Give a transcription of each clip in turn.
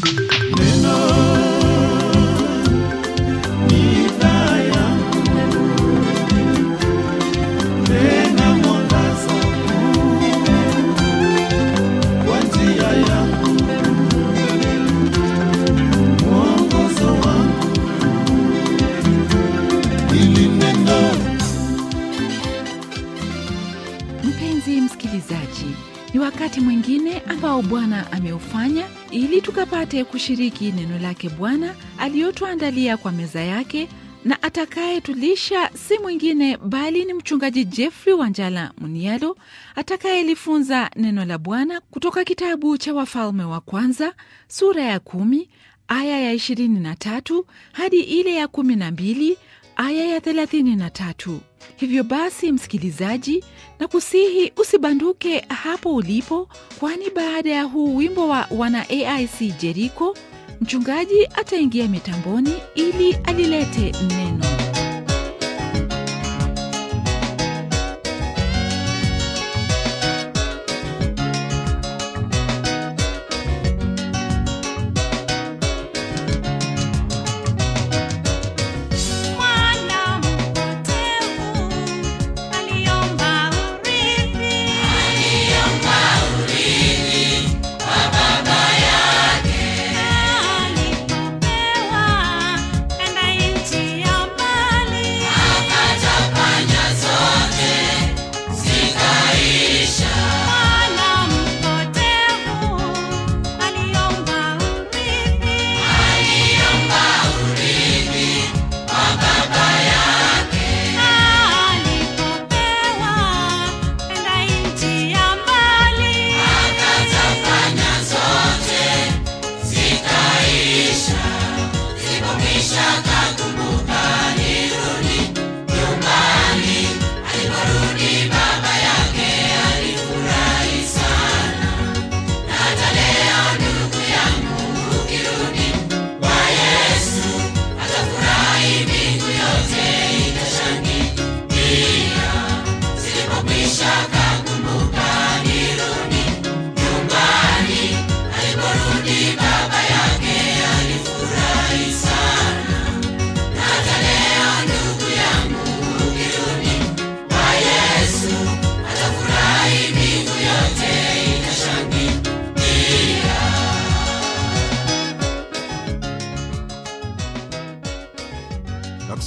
Thank you. apate kushiriki neno lake Bwana aliyotuandalia kwa meza yake, na atakayetulisha si mwingine bali ni mchungaji Jeffrey Wanjala Munialo, atakayelifunza neno la Bwana kutoka kitabu cha Wafalme wa Kwanza sura ya kumi aya ya 23 hadi ile ya 12 aya ya 33. Hivyo basi, msikilizaji, na kusihi usibanduke hapo ulipo, kwani baada ya huu wimbo wa wana AIC Jeriko, mchungaji ataingia mitamboni ili alilete neno.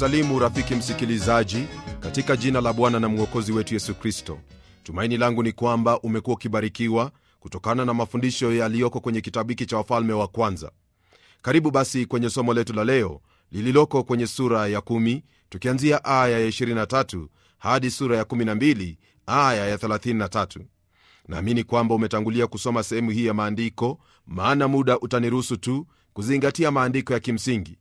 kusalimu rafiki msikilizaji katika jina la bwana na mwokozi wetu yesu kristo tumaini langu ni kwamba umekuwa ukibarikiwa kutokana na mafundisho yaliyoko kwenye kitabu hiki cha wafalme wa kwanza karibu basi kwenye somo letu la leo lililoko kwenye sura ya 1 tukianzia aya ya 23 hadi sura ya 12 aya ya 33 naamini kwamba umetangulia kusoma sehemu hii ya maandiko maana muda utaniruhusu tu kuzingatia maandiko ya kimsingi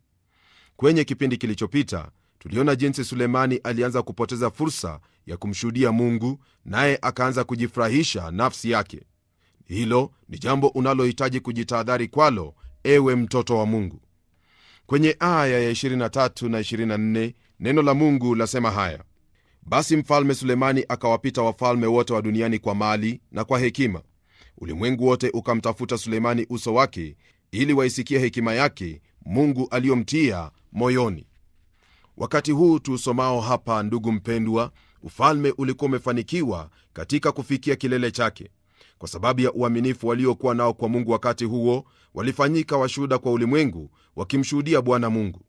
Kwenye kipindi kilichopita tuliona jinsi Sulemani alianza kupoteza fursa ya kumshuhudia Mungu, naye akaanza kujifurahisha nafsi yake. Hilo ni jambo unalohitaji kujitahadhari kwalo, ewe mtoto wa Mungu. Kwenye aya ya 23 na 24 neno la Mungu lasema haya: basi mfalme Sulemani akawapita wafalme wote wa duniani kwa mali na kwa hekima. Ulimwengu wote ukamtafuta Sulemani uso wake, ili waisikie hekima yake mungu aliyomtia moyoni wakati huu tuusomao hapa ndugu mpendwa ufalme ulikuwa umefanikiwa katika kufikia kilele chake kwa sababu ya uaminifu waliokuwa nao kwa mungu wakati huo walifanyika washuhuda kwa ulimwengu wakimshuhudia bwana mungu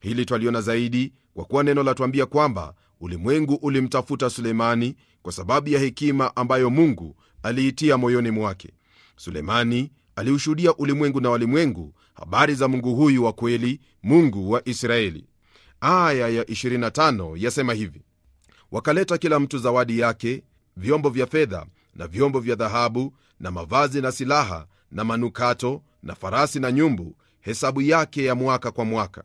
hili twaliona zaidi kwa kuwa neno latuambia kwamba ulimwengu ulimtafuta sulemani kwa sababu ya hekima ambayo mungu aliitia moyoni mwake sulemani aliushuhudia ulimwengu na walimwengu habari za Mungu huyu wa kweli, Mungu wa Israeli. Aya ya 25 yasema hivi: wakaleta kila mtu zawadi yake, vyombo vya fedha na vyombo vya dhahabu na mavazi na silaha na manukato na farasi na nyumbu, hesabu yake ya mwaka kwa mwaka.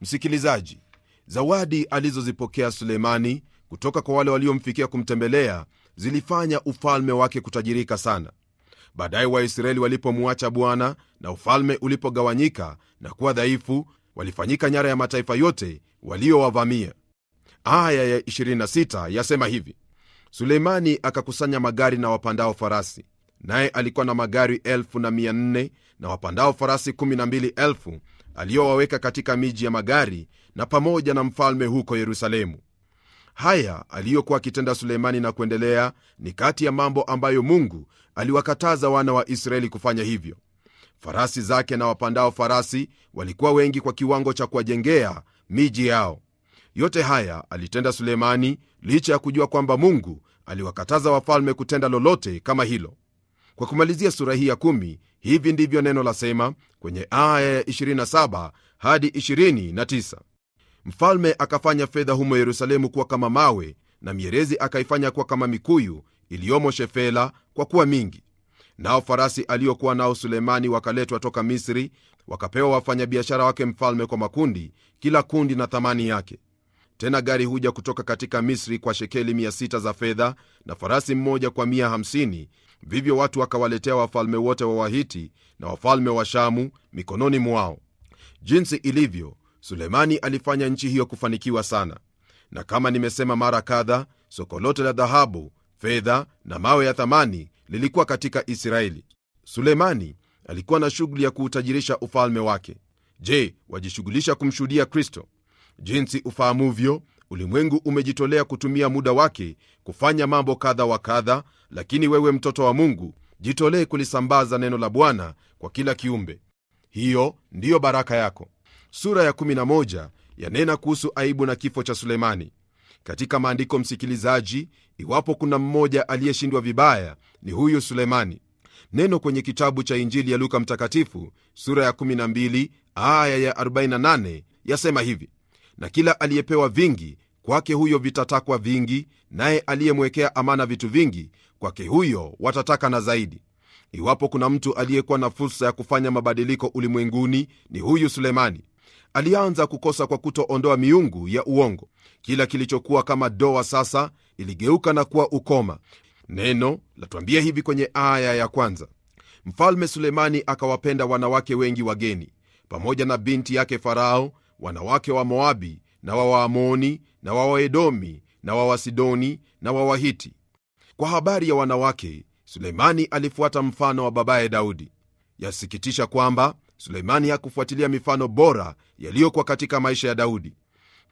Msikilizaji, zawadi alizozipokea Sulemani kutoka kwa wale waliomfikia kumtembelea zilifanya ufalme wake kutajirika sana. Baadaye Waisraeli walipomwacha Bwana na ufalme ulipogawanyika na kuwa dhaifu, walifanyika nyara ya mataifa yote waliowavamia. Aya ya 26 yasema hivi: Suleimani akakusanya magari na wapandao farasi, naye alikuwa na magari 4 na na wapandao farasi 12 aliyowaweka katika miji ya magari na pamoja na mfalme huko Yerusalemu. Haya aliyokuwa akitenda Suleimani na kuendelea ni kati ya mambo ambayo Mungu aliwakataza wana wa Israeli kufanya hivyo. Farasi zake na wapandao farasi walikuwa wengi kwa kiwango cha kuwajengea miji yao. Yote haya alitenda Suleimani licha ya kujua kwamba Mungu aliwakataza wafalme kutenda lolote kama hilo. Kwa kumalizia sura hii ya kumi, hivi ndivyo neno la sema kwenye aya ya 27 hadi 29. Mfalme akafanya fedha humo Yerusalemu kuwa kama mawe, na mierezi akaifanya kuwa kama mikuyu iliyomo Shefela, kwa kuwa mingi. Nao farasi aliyokuwa nao Sulemani wakaletwa toka Misri, wakapewa wafanyabiashara wake mfalme kwa makundi, kila kundi na thamani yake. Tena gari huja kutoka katika Misri kwa shekeli 6 za fedha, na farasi mmoja kwa 50 Vivyo watu wakawaletea wafalme wote wa Wahiti na wafalme wa Shamu mikononi mwao. Jinsi ilivyo Sulemani alifanya nchi hiyo kufanikiwa sana, na kama nimesema mara kadha, soko lote la dhahabu, fedha na mawe ya thamani lilikuwa katika Israeli. Sulemani alikuwa na shughuli ya kuutajirisha ufalme wake. Je, wajishughulisha kumshuhudia Kristo? Jinsi ufahamuvyo, ulimwengu umejitolea kutumia muda wake kufanya mambo kadha wa kadha, lakini wewe mtoto wa Mungu, jitolee kulisambaza neno la Bwana kwa kila kiumbe. Hiyo ndiyo baraka yako sura ya 11 yanena kuhusu aibu na kifo cha Sulemani. Katika maandiko, msikilizaji, iwapo kuna mmoja aliyeshindwa vibaya ni huyu Sulemani. Neno kwenye kitabu cha Injili ya Luka Mtakatifu sura ya 12 aya ya 48 yasema hivi: na kila aliyepewa vingi kwake huyo vitatakwa vingi, naye aliyemwekea amana vitu vingi kwake huyo watataka na zaidi. Iwapo kuna mtu aliyekuwa na fursa ya kufanya mabadiliko ulimwenguni ni huyu Sulemani alianza kukosa kwa kutoondoa miungu ya uongo. Kila kilichokuwa kama doa sasa iligeuka na kuwa ukoma. Neno latuambia hivi kwenye aya ya kwanza: Mfalme Sulemani akawapenda wanawake wengi wageni, pamoja na binti yake Farao, wanawake wa Moabi na wa Waamoni na wa Waedomi na wa Wasidoni na wa Wahiti. Kwa habari ya wanawake, Sulemani alifuata mfano wa babaye Daudi. Yasikitisha kwamba Suleimani hakufuatilia mifano bora yaliyokuwa katika maisha ya Daudi.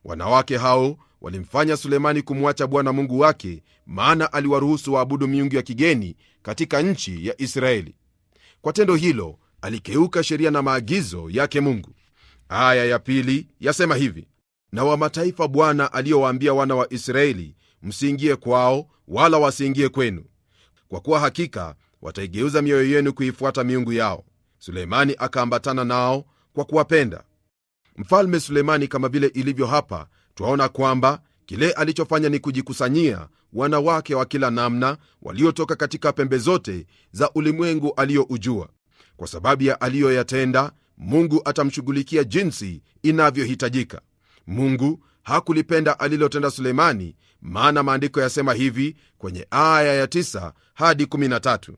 Wanawake hao walimfanya Sulemani kumwacha Bwana Mungu wake, maana aliwaruhusu waabudu miungu ya kigeni katika nchi ya Israeli. Kwa tendo hilo alikeuka sheria na maagizo yake Mungu. Aya ya pili yasema hivi: na wa mataifa Bwana aliyowaambia wana wa Israeli, msiingie kwao wala wasiingie kwenu, kwa kuwa hakika wataigeuza mioyo yenu kuifuata miungu yao. Suleimani akaambatana nao kwa kuwapenda. Mfalme Suleimani, kama vile ilivyo hapa, twaona kwamba kile alichofanya ni kujikusanyia wanawake wa kila namna waliotoka katika pembe zote za ulimwengu aliyoujua. Kwa sababu ya aliyoyatenda, Mungu atamshughulikia jinsi inavyohitajika. Mungu hakulipenda alilotenda Suleimani, maana maandiko yasema hivi kwenye aya ya 9 hadi 13.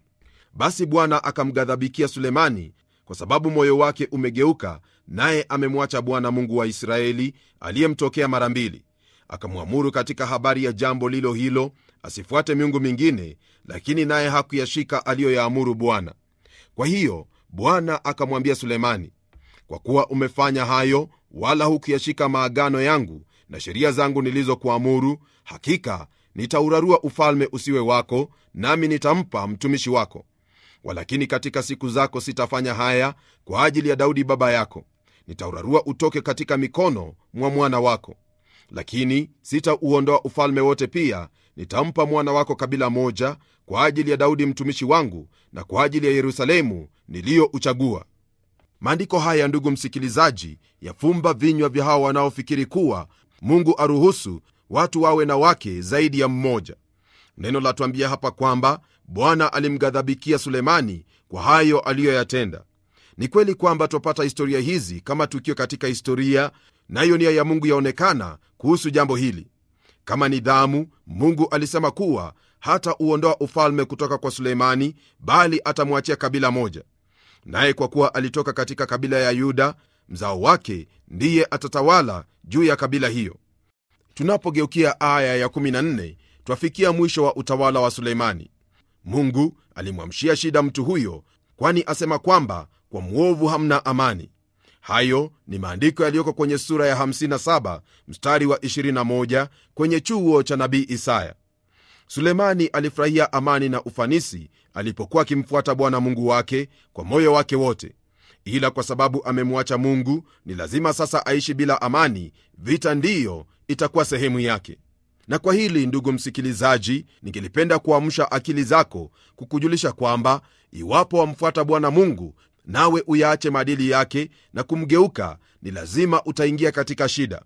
Basi Bwana akamghadhabikia Sulemani kwa sababu moyo wake umegeuka, naye amemwacha Bwana Mungu wa Israeli aliyemtokea mara mbili. Akamwamuru katika habari ya jambo lilo hilo asifuate miungu mingine, lakini naye hakuyashika aliyoyaamuru Bwana. Kwa hiyo Bwana akamwambia Sulemani, kwa kuwa umefanya hayo wala hukuyashika maagano yangu na sheria zangu nilizokuamuru, hakika nitaurarua ufalme usiwe wako, nami nitampa mtumishi wako walakini katika siku zako sitafanya haya kwa ajili ya Daudi baba yako, nitaurarua utoke katika mikono mwa mwana wako, lakini sitauondoa ufalme wote. Pia nitampa mwana wako kabila moja kwa ajili ya Daudi mtumishi wangu na kwa ajili ya Yerusalemu niliyouchagua. Maandiko haya, ndugu msikilizaji, yafumba vinywa vya hawa wanaofikiri kuwa Mungu aruhusu watu wawe na wake zaidi ya mmoja. Neno latuambia hapa kwamba Bwana alimghadhabikia Sulemani kwa hayo aliyoyatenda. Ni kweli kwamba twapata historia hizi kama tukio katika historia, nayo nia ya Mungu yaonekana kuhusu jambo hili. Kama ni dhamu, Mungu alisema kuwa hata uondoa ufalme kutoka kwa Sulemani, bali atamwachia kabila moja, naye kwa kuwa alitoka katika kabila ya Yuda, mzao wake ndiye atatawala juu ya kabila hiyo. Tunapogeukia aya ya 14 twafikia mwisho wa utawala wa Sulemani. Mungu alimwamshia shida mtu huyo, kwani asema kwamba kwa mwovu hamna amani. Hayo ni maandiko yaliyoko kwenye sura ya 57 mstari wa 21 kwenye chuo cha nabii Isaya. Sulemani alifurahia amani na ufanisi alipokuwa akimfuata Bwana Mungu wake kwa moyo wake wote, ila kwa sababu amemwacha Mungu ni lazima sasa aishi bila amani. Vita ndiyo itakuwa sehemu yake na kwa hili ndugu msikilizaji, ningelipenda kuamsha akili zako kukujulisha kwamba iwapo wamfuata Bwana Mungu nawe uyaache maadili yake na kumgeuka, ni lazima utaingia katika shida.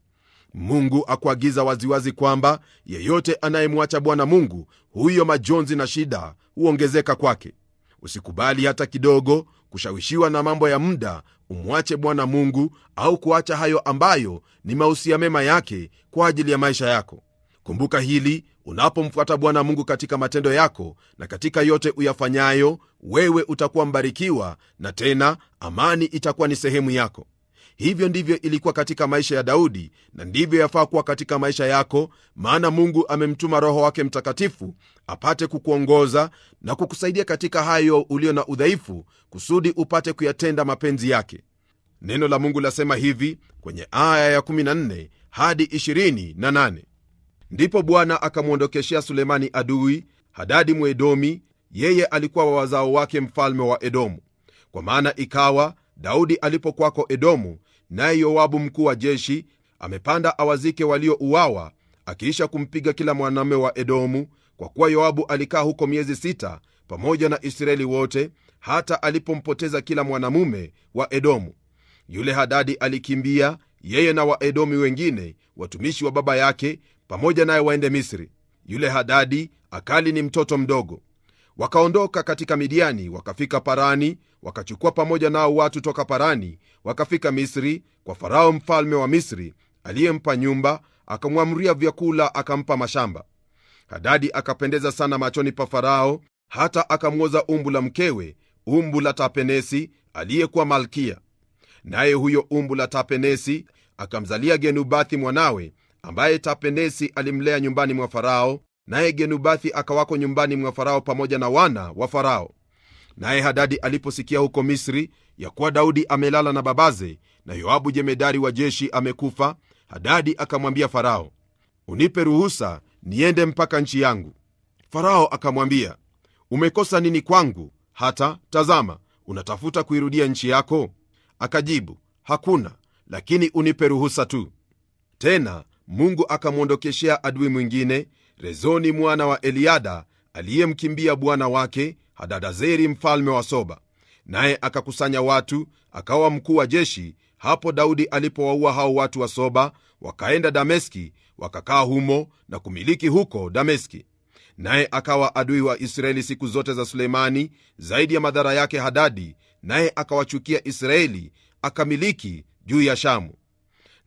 Mungu akuagiza waziwazi kwamba yeyote anayemwacha Bwana Mungu, huyo majonzi na shida huongezeka kwake. Usikubali hata kidogo kushawishiwa na mambo ya muda, umwache Bwana Mungu au kuacha hayo ambayo ni mausia mema yake kwa ajili ya maisha yako kumbuka hili unapomfuata bwana mungu katika matendo yako na katika yote uyafanyayo wewe utakuwa mbarikiwa na tena amani itakuwa ni sehemu yako hivyo ndivyo ilikuwa katika maisha ya daudi na ndivyo yafaa kuwa katika maisha yako maana mungu amemtuma roho wake mtakatifu apate kukuongoza na kukusaidia katika hayo ulio na udhaifu kusudi upate kuyatenda mapenzi yake neno la mungu lasema hivi kwenye aya ya 14 hadi 28 ndipo bwana akamwondokeshea sulemani adui hadadi mwedomi yeye alikuwa wa wazao wake mfalme wa edomu kwa maana ikawa daudi alipokwako edomu naye yoabu mkuu wa jeshi amepanda awazike waliouawa akiisha kumpiga kila mwanamume wa edomu kwa kuwa yoabu alikaa huko miezi sita pamoja na israeli wote hata alipompoteza kila mwanamume wa edomu yule hadadi alikimbia yeye na waedomi wengine watumishi wa baba yake pamoja naye waende Misri. Yule Hadadi akali ni mtoto mdogo. Wakaondoka katika Midiani, wakafika Parani, wakachukua pamoja nao watu toka Parani, wakafika Misri kwa Farao mfalme wa Misri, aliyempa nyumba, akamwamria vyakula, akampa mashamba. Hadadi akapendeza sana machoni pa Farao, hata akamwoza umbu la mkewe, umbu la Tapenesi aliyekuwa malkia. Naye huyo umbu la Tapenesi akamzalia Genubathi mwanawe ambaye Tapenesi alimlea nyumbani mwa Farao, naye Genubathi akawako nyumbani mwa Farao pamoja na wana wa Farao. Naye Hadadi aliposikia huko Misri ya kuwa Daudi amelala na babaze na Yoabu jemedari wa jeshi amekufa, Hadadi akamwambia Farao, unipe ruhusa niende mpaka nchi yangu. Farao akamwambia, umekosa nini kwangu hata tazama unatafuta kuirudia nchi yako? Akajibu, hakuna, lakini unipe ruhusa tu. Tena mungu akamwondokeshea adui mwingine rezoni mwana wa eliada aliyemkimbia bwana wake hadadazeri mfalme wa soba naye akakusanya watu akawa mkuu wa jeshi hapo daudi alipowaua hao watu wa soba wakaenda dameski wakakaa humo na kumiliki huko dameski naye akawa adui wa israeli siku zote za suleimani zaidi ya madhara yake hadadi naye akawachukia israeli akamiliki juu ya shamu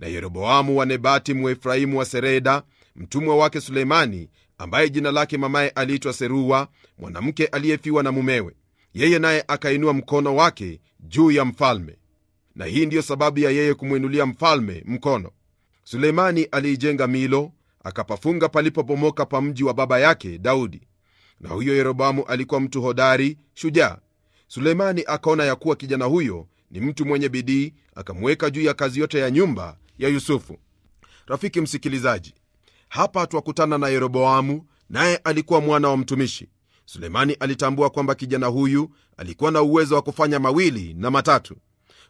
na Yeroboamu wa Nebati muefrahimu wa Sereda, mtumwa wake Sulemani, ambaye jina lake mamaye aliitwa Seruwa, mwanamke aliyefiwa na mumewe. Yeye naye akainua mkono wake juu ya mfalme, na hii ndiyo sababu ya yeye kumwinulia mfalme mkono. Sulemani aliijenga Milo akapafunga palipobomoka pa mji wa baba yake Daudi. Na huyo Yeroboamu alikuwa mtu hodari, shujaa. Sulemani akaona ya kuwa kijana huyo ni mtu mwenye bidii, akamweka juu ya kazi yote ya nyumba ya yusufu rafiki msikilizaji hapa twakutana na yeroboamu naye alikuwa mwana wa mtumishi sulemani alitambua kwamba kijana huyu alikuwa na uwezo wa kufanya mawili na matatu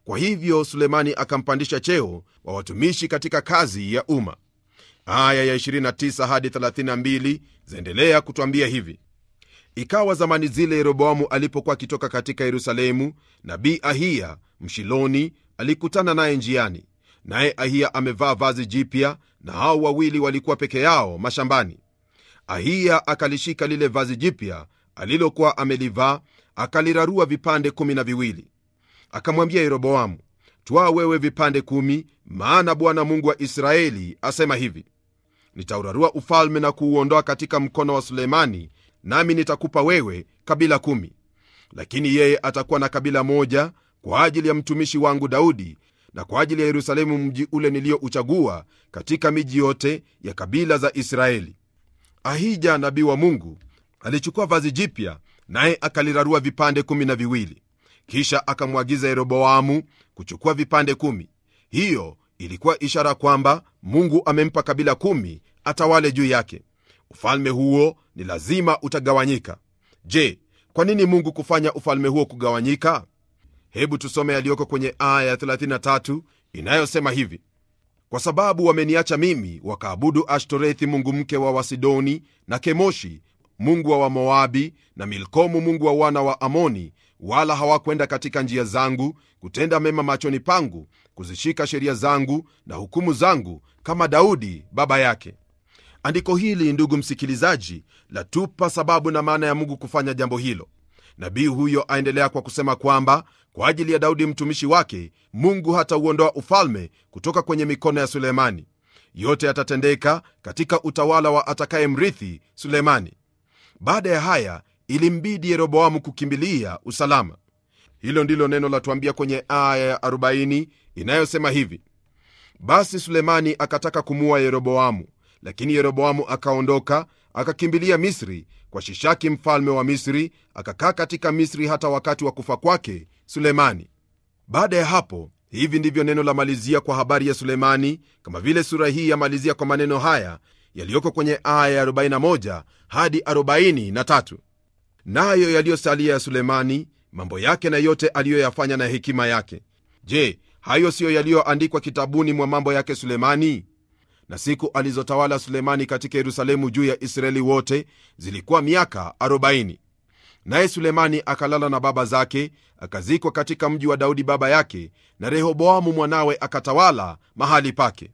kwa hivyo sulemani akampandisha cheo wa watumishi katika kazi ya umma aya ya 29 hadi 32 zaendelea kutwambia hivi ikawa zamani zile yeroboamu alipokuwa akitoka katika yerusalemu nabii ahiya mshiloni alikutana naye njiani naye ahiya amevaa vazi jipya na hao wawili walikuwa peke yao mashambani ahiya akalishika lile vazi jipya alilokuwa amelivaa akalirarua vipande kumi na viwili akamwambia yeroboamu twaa wewe vipande kumi maana bwana mungu wa israeli asema hivi nitaurarua ufalme na kuuondoa katika mkono wa sulemani nami nitakupa wewe kabila kumi lakini yeye atakuwa na kabila moja kwa ajili ya mtumishi wangu daudi na kwa ajili ya yerusalemu mji ule niliyouchagua katika miji yote ya kabila za israeli ahija nabii wa mungu alichukua vazi jipya naye akalirarua vipande kumi na viwili kisha akamwagiza yeroboamu kuchukua vipande kumi hiyo ilikuwa ishara kwamba mungu amempa kabila kumi atawale juu yake ufalme huo ni lazima utagawanyika je kwa nini mungu kufanya ufalme huo kugawanyika Hebu tusome yaliyoko kwenye aya ya 33 inayosema hivi: kwa sababu wameniacha mimi, wakaabudu Ashtorethi mungu mke wa Wasidoni, na Kemoshi mungu wa Wamoabi, na Milkomu mungu wa wana wa Amoni, wala hawakwenda katika njia zangu kutenda mema machoni pangu, kuzishika sheria zangu na hukumu zangu, kama Daudi baba yake. Andiko hili, ndugu msikilizaji, latupa sababu na maana ya Mungu kufanya jambo hilo. Nabii huyo aendelea kwa kusema kwamba kwa ajili ya Daudi mtumishi wake, Mungu hatauondoa ufalme kutoka kwenye mikono ya Sulemani. Yote yatatendeka katika utawala wa atakaye mrithi Sulemani. Baada ya haya, ilimbidi Yeroboamu kukimbilia usalama. Hilo ndilo neno latuambia kwenye aya ya 40 inayosema hivi: basi Sulemani akataka kumua Yeroboamu, lakini Yeroboamu akaondoka akakimbilia Misri, kwa Shishaki mfalme wa Misri, akakaa katika Misri hata wakati wa kufa kwake Sulemani. Baada ya hapo, hivi ndivyo neno la malizia kwa habari ya Sulemani, kama vile sura hii ya malizia kwa maneno haya yaliyoko kwenye aya ya 41 hadi 43: nayo yaliyosalia ya Sulemani, mambo yake na yote aliyoyafanya na hekima yake. Je, hayo siyo yaliyoandikwa kitabuni mwa mambo yake Sulemani? na siku alizotawala Sulemani katika Yerusalemu juu ya Israeli wote zilikuwa miaka 40. Naye Sulemani akalala na baba zake, akazikwa katika mji wa Daudi baba yake, na Rehoboamu mwanawe akatawala mahali pake.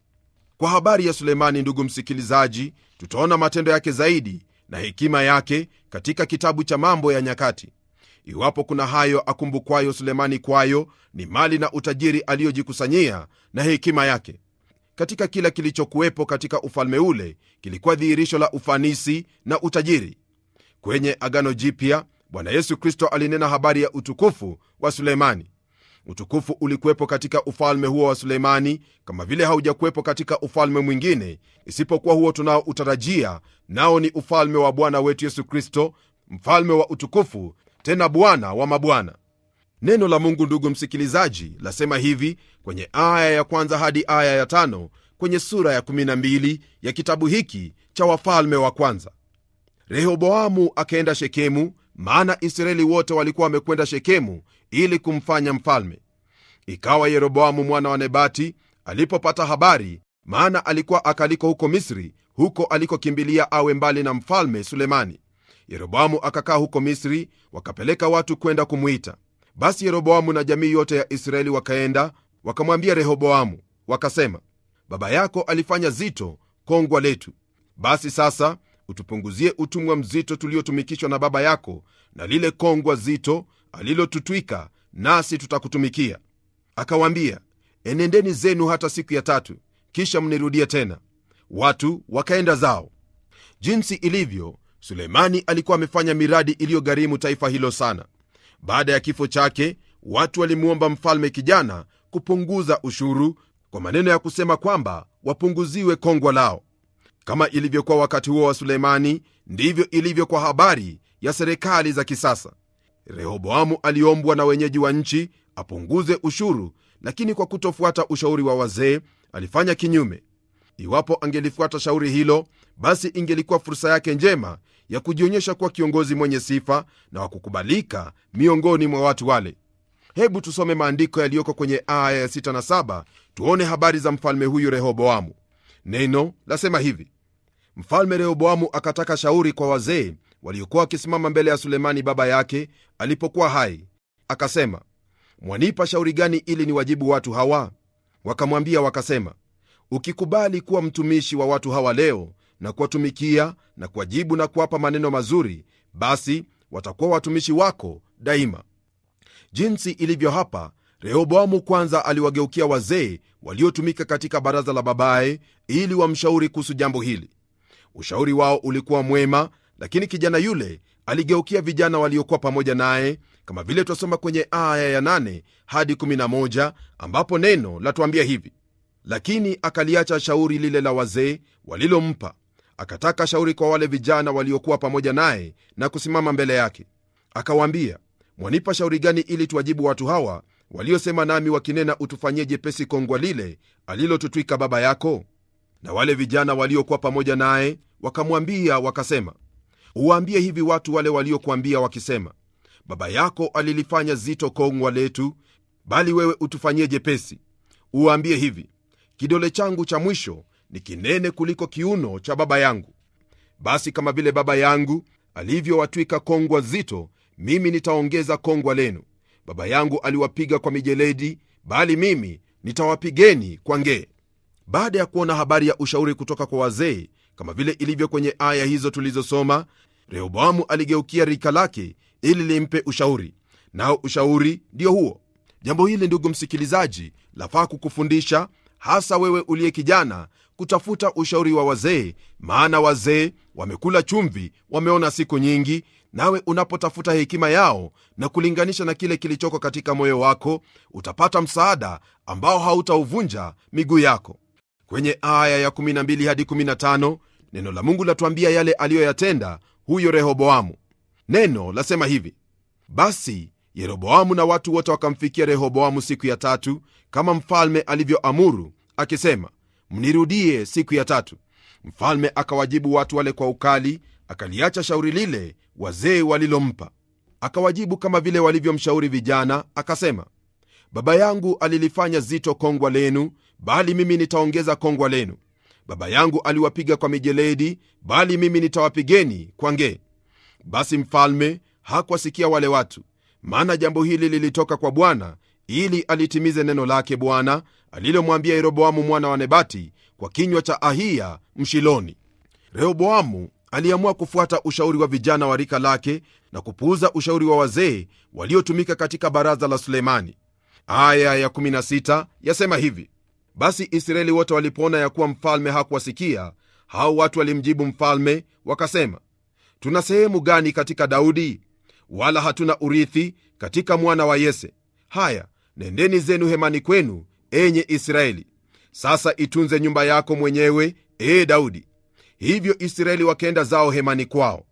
Kwa habari ya Sulemani, ndugu msikilizaji, tutaona matendo yake zaidi na hekima yake katika kitabu cha Mambo ya Nyakati. Iwapo kuna hayo akumbukwayo Sulemani kwayo ni mali na utajiri aliyojikusanyia na hekima yake katika kila kilichokuwepo katika ufalme ule kilikuwa dhihirisho la ufanisi na utajiri. Kwenye Agano Jipya, Bwana Yesu Kristo alinena habari ya utukufu wa Suleimani. Utukufu ulikuwepo katika ufalme huo wa Suleimani kama vile haujakuwepo katika ufalme mwingine isipokuwa huo tunaoutarajia, nao ni ufalme wa Bwana wetu Yesu Kristo, mfalme wa utukufu, tena Bwana wa mabwana neno la mungu ndugu msikilizaji lasema hivi kwenye aya ya kwanza hadi aya ya tano kwenye sura ya 12 ya kitabu hiki cha wafalme wa kwanza rehoboamu akaenda shekemu maana israeli wote walikuwa wamekwenda shekemu ili kumfanya mfalme ikawa yeroboamu mwana wa nebati alipopata habari maana alikuwa akaliko huko misri huko alikokimbilia awe mbali na mfalme sulemani yeroboamu akakaa huko misri wakapeleka watu kwenda kumwita basi Yeroboamu na jamii yote ya Israeli wakaenda wakamwambia Rehoboamu wakasema, baba yako alifanya zito kongwa letu, basi sasa utupunguzie utumwa mzito tuliotumikishwa na baba yako na lile kongwa zito alilotutwika, nasi tutakutumikia. Akawaambia, enendeni zenu hata siku ya tatu, kisha mnirudie tena. Watu wakaenda zao. Jinsi ilivyo, Sulemani alikuwa amefanya miradi iliyogharimu taifa hilo sana. Baada ya kifo chake, watu walimwomba mfalme kijana kupunguza ushuru kwa maneno ya kusema kwamba wapunguziwe kongwa lao. Kama ilivyokuwa wakati huo wa sulemani ndivyo ilivyo kwa habari ya serikali za kisasa. Rehoboamu aliombwa na wenyeji wa nchi apunguze ushuru, lakini kwa kutofuata ushauri wa wazee alifanya kinyume. Iwapo angelifuata shauri hilo, basi ingelikuwa fursa yake njema ya kujionyesha kuwa kiongozi mwenye sifa na wa kukubalika miongoni mwa watu wale. Hebu tusome maandiko yaliyoko kwenye aya ya 6 na 7, tuone habari za mfalme huyu Rehoboamu. Neno lasema hivi: Mfalme Rehoboamu akataka shauri kwa wazee waliokuwa wakisimama mbele ya Sulemani baba yake alipokuwa hai, akasema, mwanipa shauri gani ili ni wajibu watu hawa? Wakamwambia wakasema, ukikubali kuwa mtumishi wa watu hawa leo, na kuwatumikia na kuwajibu na kuwapa maneno mazuri, basi watakuwa watumishi wako daima. Jinsi ilivyo hapa, Rehoboamu kwanza aliwageukia wazee waliotumika katika baraza la babaye ili wamshauri kuhusu jambo hili. Ushauri wao ulikuwa mwema, lakini kijana yule aligeukia vijana waliokuwa pamoja naye, kama vile twasoma kwenye aya ya 8 hadi 11 ambapo neno latuambia hivi: lakini akaliacha shauri lile la wazee walilompa, Akataka shauri kwa wale vijana waliokuwa pamoja naye na kusimama mbele yake, akawaambia, mwanipa shauri gani ili tuwajibu watu hawa waliosema nami wakinena, utufanyie jepesi kongwa lile alilotutwika baba yako? Na wale vijana waliokuwa pamoja naye wakamwambia wakasema, uwaambie hivi watu wale waliokuambia wakisema, baba yako alilifanya zito kongwa letu, bali wewe utufanyie jepesi. Uwaambie hivi, kidole changu cha mwisho ni kinene kuliko kiuno cha baba yangu basi kama vile baba yangu alivyowatwika kongwa zito mimi nitaongeza kongwa lenu baba yangu aliwapiga kwa mijeledi bali mimi nitawapigeni kwa ngee baada ya kuona habari ya ushauri kutoka kwa wazee kama vile ilivyo kwenye aya hizo tulizosoma rehoboamu aligeukia rika lake ili limpe ushauri nao ushauri ndio huo jambo hili ndugu msikilizaji lafaa kukufundisha hasa wewe uliye kijana kutafuta ushauri wa wazee, maana wazee wamekula chumvi, wameona siku nyingi. Nawe unapotafuta hekima yao na kulinganisha na kile kilichoko katika moyo wako, utapata msaada ambao hautauvunja miguu yako. Kwenye aya ya 12 hadi 15 neno la Mungu latuambia yale aliyoyatenda huyo Rehoboamu. Neno lasema hivi: basi Yeroboamu na watu wote wakamfikia Rehoboamu siku ya tatu, kama mfalme alivyoamuru, akisema, mnirudie siku ya tatu. Mfalme akawajibu watu wale kwa ukali, akaliacha shauri lile wazee walilompa. Akawajibu kama vile walivyomshauri vijana, akasema, baba yangu alilifanya zito kongwa lenu, bali mimi nitaongeza kongwa lenu. Baba yangu aliwapiga kwa mijeledi, bali mimi nitawapigeni kwa nge Basi mfalme hakuwasikia wale watu, maana jambo hili lilitoka kwa Bwana ili alitimize neno lake Bwana alilomwambia Yeroboamu mwana wa Nebati kwa kinywa cha Ahiya Mshiloni. Rehoboamu aliamua kufuata ushauri wa vijana wa rika lake na kupuuza ushauri wa wazee waliotumika katika baraza la Sulemani. Aya ya 16 yasema hivi: basi Israeli wote walipoona ya kuwa mfalme hakuwasikia hao watu, walimjibu mfalme wakasema, tuna sehemu gani katika Daudi? Wala hatuna urithi katika mwana wa Yese. Haya, nendeni zenu hemani kwenu, enye israeli sasa itunze nyumba yako mwenyewe ee daudi hivyo israeli wakenda zao hemani kwao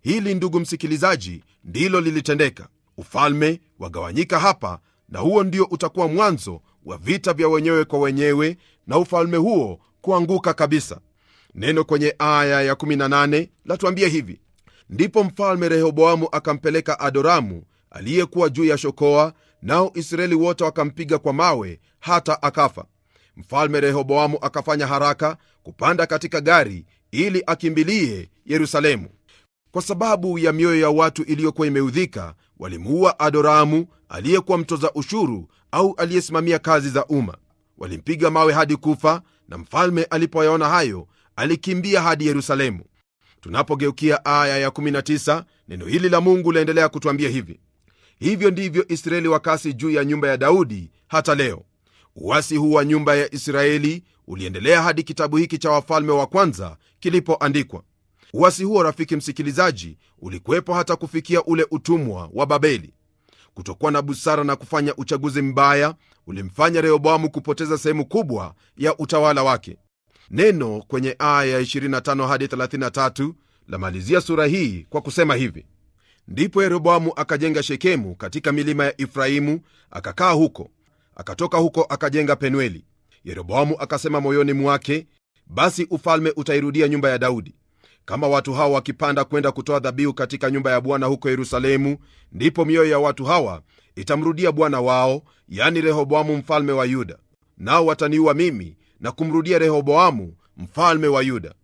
hili ndugu msikilizaji ndilo lilitendeka ufalme wagawanyika hapa na huo ndio utakuwa mwanzo wa vita vya wenyewe kwa wenyewe na ufalme huo kuanguka kabisa neno kwenye aya ya18 latuambia hivi ndipo mfalme rehoboamu akampeleka adoramu aliyekuwa juu ya shokoa nao israeli wote wakampiga kwa mawe hata akafa mfalme rehoboamu akafanya haraka kupanda katika gari ili akimbilie yerusalemu kwa sababu ya mioyo ya watu iliyokuwa imeudhika walimuua adoramu aliyekuwa mtoza ushuru au aliyesimamia kazi za umma walimpiga mawe hadi kufa na mfalme alipoyaona hayo alikimbia hadi yerusalemu tunapogeukia aya ya 19 neno hili la mungu laendelea kutwambia hivi hivyo ndivyo israeli wakasi juu ya nyumba ya daudi hata leo uwasi huu wa nyumba ya israeli uliendelea hadi kitabu hiki cha wafalme wa kwanza kilipoandikwa uwasi huo rafiki msikilizaji ulikuwepo hata kufikia ule utumwa wa babeli kutokuwa na busara na kufanya uchaguzi mbaya ulimfanya rehoboamu kupoteza sehemu kubwa ya utawala wake neno kwenye aya ya 25 hadi 33 lamalizia sura hii kwa kusema hivi Ndipo Yeroboamu akajenga Shekemu katika milima ya Efraimu, akakaa huko. Akatoka huko akajenga Penueli. Yeroboamu akasema moyoni mwake, basi ufalme utairudia nyumba ya Daudi. Kama watu hawa wakipanda kwenda kutoa dhabihu katika nyumba ya Bwana huko Yerusalemu, ndipo mioyo ya watu hawa itamrudia bwana wao, yani Rehoboamu mfalme wa Yuda, nao wataniua mimi na kumrudia Rehoboamu mfalme wa Yuda.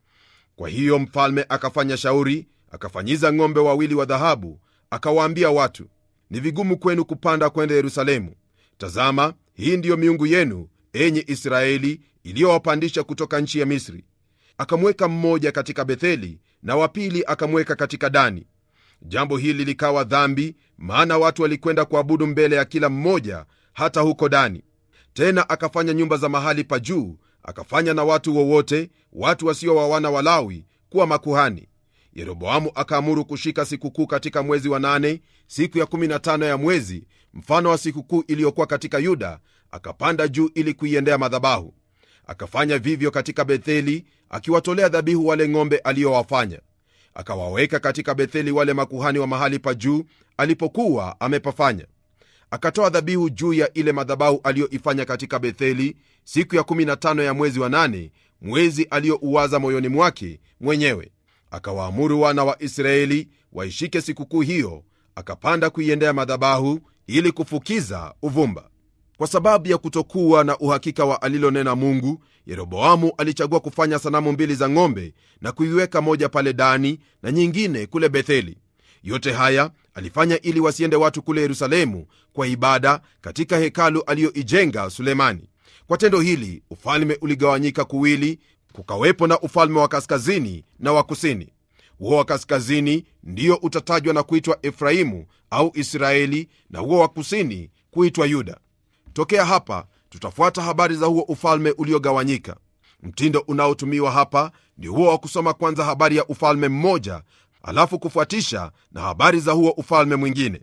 Kwa hiyo mfalme akafanya shauri akafanyiza ng'ombe wawili wa dhahabu, akawaambia watu, ni vigumu kwenu kupanda kwenda Yerusalemu. Tazama, hii ndiyo miungu yenu, enye Israeli, iliyowapandisha kutoka nchi ya Misri. Akamweka mmoja katika Betheli na wapili akamweka katika Dani. Jambo hili likawa dhambi, maana watu walikwenda kuabudu mbele ya kila mmoja, hata huko Dani. Tena akafanya nyumba za mahali pa juu, akafanya na watu wowote, watu wasio wa wana walawi kuwa makuhani yeroboamu akaamuru kushika sikukuu katika mwezi wa nane siku ya 15 ya mwezi mfano wa sikukuu iliyokuwa katika yuda akapanda juu ili kuiendea madhabahu akafanya vivyo katika betheli akiwatolea dhabihu wale ng'ombe aliyowafanya akawaweka katika betheli wale makuhani wa mahali pa juu alipokuwa amepafanya akatoa dhabihu juu ya ile madhabahu aliyoifanya katika betheli siku ya 15 ya mwezi wa nane mwezi aliyouwaza moyoni mwake mwenyewe akawaamuru wana wa Israeli waishike sikukuu hiyo, akapanda kuiendea madhabahu ili kufukiza uvumba. Kwa sababu ya kutokuwa na uhakika wa alilonena Mungu, Yeroboamu alichagua kufanya sanamu mbili za ng'ombe na kuiweka moja pale Dani na nyingine kule Betheli. Yote haya alifanya ili wasiende watu kule Yerusalemu kwa ibada katika hekalu aliyoijenga Sulemani. Kwa tendo hili ufalme uligawanyika kuwili, kukawepo na ufalme wa kaskazini na wa kusini huo wa kaskazini ndiyo utatajwa na kuitwa efraimu au israeli na huo wa kusini kuitwa yuda tokea hapa tutafuata habari za huo ufalme uliogawanyika mtindo unaotumiwa hapa ni huo wa kusoma kwanza habari ya ufalme mmoja alafu kufuatisha na habari za huo ufalme mwingine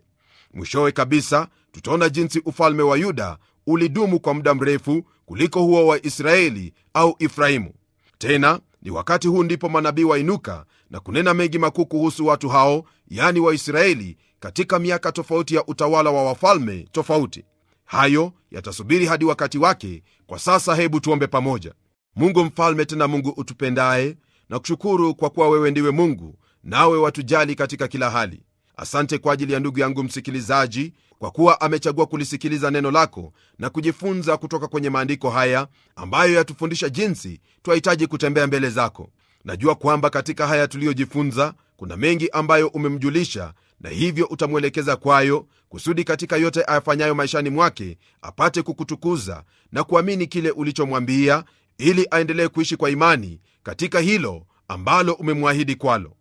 mwishowe kabisa tutaona jinsi ufalme wa yuda ulidumu kwa muda mrefu kuliko huo wa israeli au efraimu tena ni wakati huu ndipo manabii wainuka na kunena mengi makuu kuhusu watu hao yani waisraeli katika miaka tofauti ya utawala wa wafalme tofauti hayo yatasubiri hadi wakati wake kwa sasa hebu tuombe pamoja mungu mfalme tena mungu utupendaye na kushukuru kwa kuwa wewe ndiwe mungu nawe watujali katika kila hali asante kwa ajili ya ndugu yangu msikilizaji kwa kuwa amechagua kulisikiliza neno lako na kujifunza kutoka kwenye maandiko haya ambayo yatufundisha jinsi twahitaji kutembea mbele zako. Najua kwamba katika haya tuliyojifunza kuna mengi ambayo umemjulisha, na hivyo utamwelekeza kwayo, kusudi katika yote ayafanyayo maishani mwake apate kukutukuza na kuamini kile ulichomwambia, ili aendelee kuishi kwa imani katika hilo ambalo umemwahidi kwalo.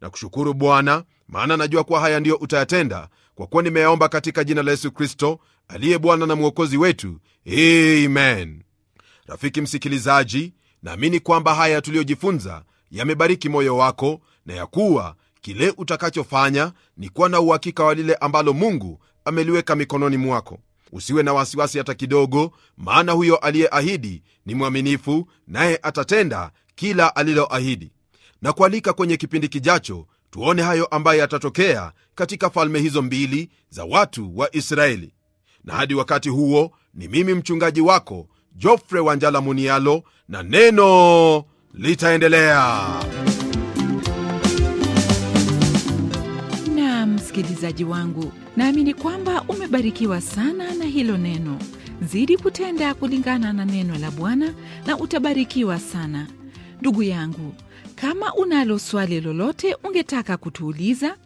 Nakushukuru Bwana, maana najua kuwa haya ndiyo utayatenda kwa kuwa nimeyaomba katika jina la Yesu Kristo aliye Bwana na Mwokozi wetu, amen. Rafiki msikilizaji, naamini kwamba haya tuliyojifunza yamebariki moyo wako na ya kuwa kile utakachofanya ni kuwa na uhakika wa lile ambalo Mungu ameliweka mikononi mwako. Usiwe na wasiwasi hata kidogo, maana huyo aliyeahidi ni mwaminifu, naye atatenda kila aliloahidi. Na kualika kwenye kipindi kijacho tuone hayo ambaye yatatokea katika falme hizo mbili za watu wa Israeli. Na hadi wakati huo, ni mimi mchungaji wako Jofre Wanjala Munialo, na neno litaendelea. Na msikilizaji wangu, naamini kwamba umebarikiwa sana na hilo neno. Zidi kutenda kulingana na neno la Bwana na utabarikiwa sana, ndugu yangu. Kama unalo swali lolote ungetaka kutuuliza,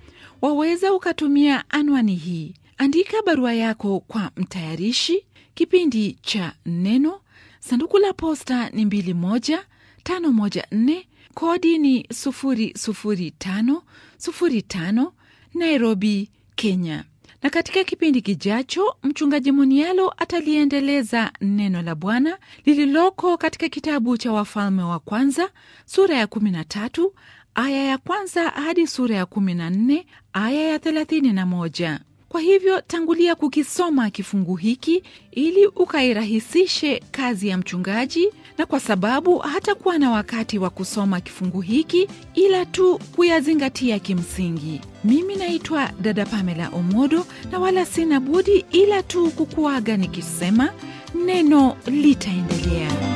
waweza ukatumia anwani hii. Andika barua yako kwa mtayarishi kipindi cha Neno, sanduku la posta ni 21514 kodi ni 00505 Nairobi, Kenya na katika kipindi kijacho mchungaji Munialo ataliendeleza neno la Bwana lililoko katika kitabu cha Wafalme wa Kwanza sura ya 13 aya ya kwanza hadi sura ya 14 aya ya 31. Kwa hivyo tangulia kukisoma kifungu hiki ili ukairahisishe kazi ya mchungaji, na kwa sababu hatakuwa na wakati wa kusoma kifungu hiki ila tu kuyazingatia kimsingi. Mimi naitwa dada Pamela Omodo na wala sina budi ila tu kukuaga nikisema neno litaendelea.